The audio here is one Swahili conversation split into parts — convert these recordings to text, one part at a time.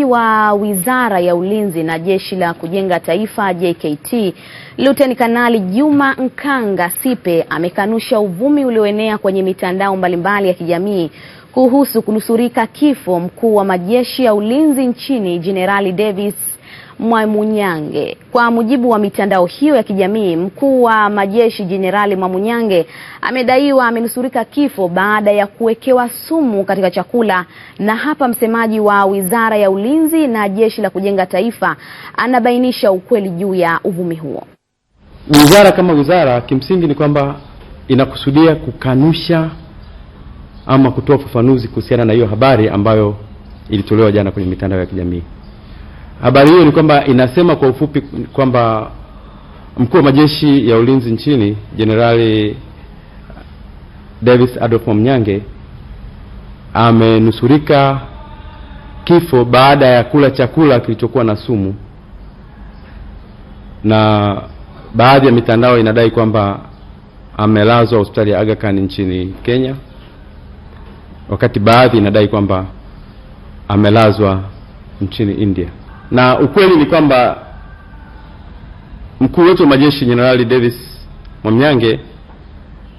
msemaji wa Wizara ya Ulinzi na Jeshi la Kujenga Taifa JKT, Luteni Kanali Juma Nkanga Sipe amekanusha uvumi ulioenea kwenye mitandao mbalimbali ya kijamii kuhusu kunusurika kifo mkuu wa majeshi ya ulinzi nchini Jenerali Davis Mwamunyange. Kwa mujibu wa mitandao hiyo ya kijamii, mkuu wa majeshi Jenerali Mwamunyange amedaiwa amenusurika kifo baada ya kuwekewa sumu katika chakula, na hapa msemaji wa Wizara ya Ulinzi na Jeshi la Kujenga Taifa anabainisha ukweli juu ya uvumi huo. Wizara kama wizara, kimsingi ni kwamba inakusudia kukanusha ama kutoa ufafanuzi kuhusiana na hiyo habari ambayo ilitolewa jana kwenye mitandao ya kijamii. Habari hiyo ni kwamba inasema kwa ufupi kwamba mkuu wa majeshi ya ulinzi nchini Jenerali Davis Adolf Mnyange amenusurika kifo baada ya kula chakula kilichokuwa na sumu, na baadhi ya mitandao inadai kwamba amelazwa hospitali ya Aga Khan nchini Kenya, wakati baadhi inadai kwamba amelazwa nchini India na ukweli ni kwamba mkuu wetu wa majeshi Jenerali Davis Mwamnyange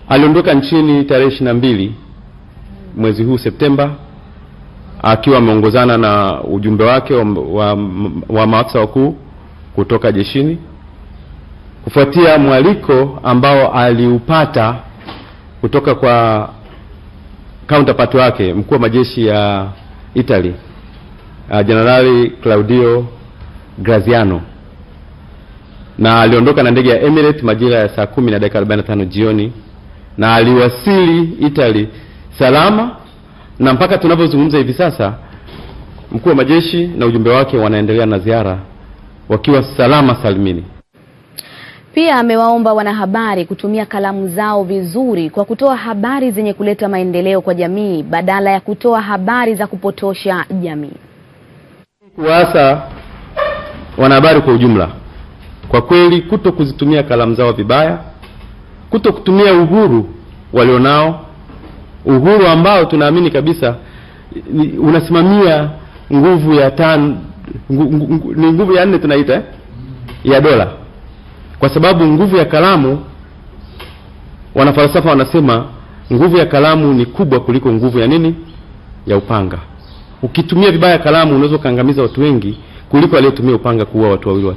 aliondoka nchini tarehe ishirini na mbili mwezi huu Septemba akiwa ameongozana na ujumbe wake wa, wa, wa maafisa wakuu kutoka jeshini kufuatia mwaliko ambao aliupata kutoka kwa counterpart wake mkuu wa majeshi ya Italy uh, Jenerali Claudio Graziano na aliondoka na ndege ya Emirates majira ya saa kumi na dakika 45 jioni na aliwasili Italy salama, na mpaka tunavyozungumza hivi sasa mkuu wa majeshi na ujumbe wake wanaendelea na ziara wakiwa salama salimini. Pia amewaomba wanahabari kutumia kalamu zao vizuri kwa kutoa habari zenye kuleta maendeleo kwa jamii badala ya kutoa habari za kupotosha jamii kuwaasa wanahabari kwa ujumla, kwa kweli kuto kuzitumia kalamu zao vibaya, kuto kutumia uhuru walionao, uhuru ambao tunaamini kabisa unasimamia nguvu ya tan ni nguvu ya nne tunaita eh? ya dola, kwa sababu nguvu ya kalamu, wanafalsafa wanasema nguvu ya kalamu ni kubwa kuliko nguvu ya nini, ya upanga. Ukitumia vibaya kalamu unaweza ukaangamiza watu wengi kuliko aliyetumia upanga kuua watu wawili.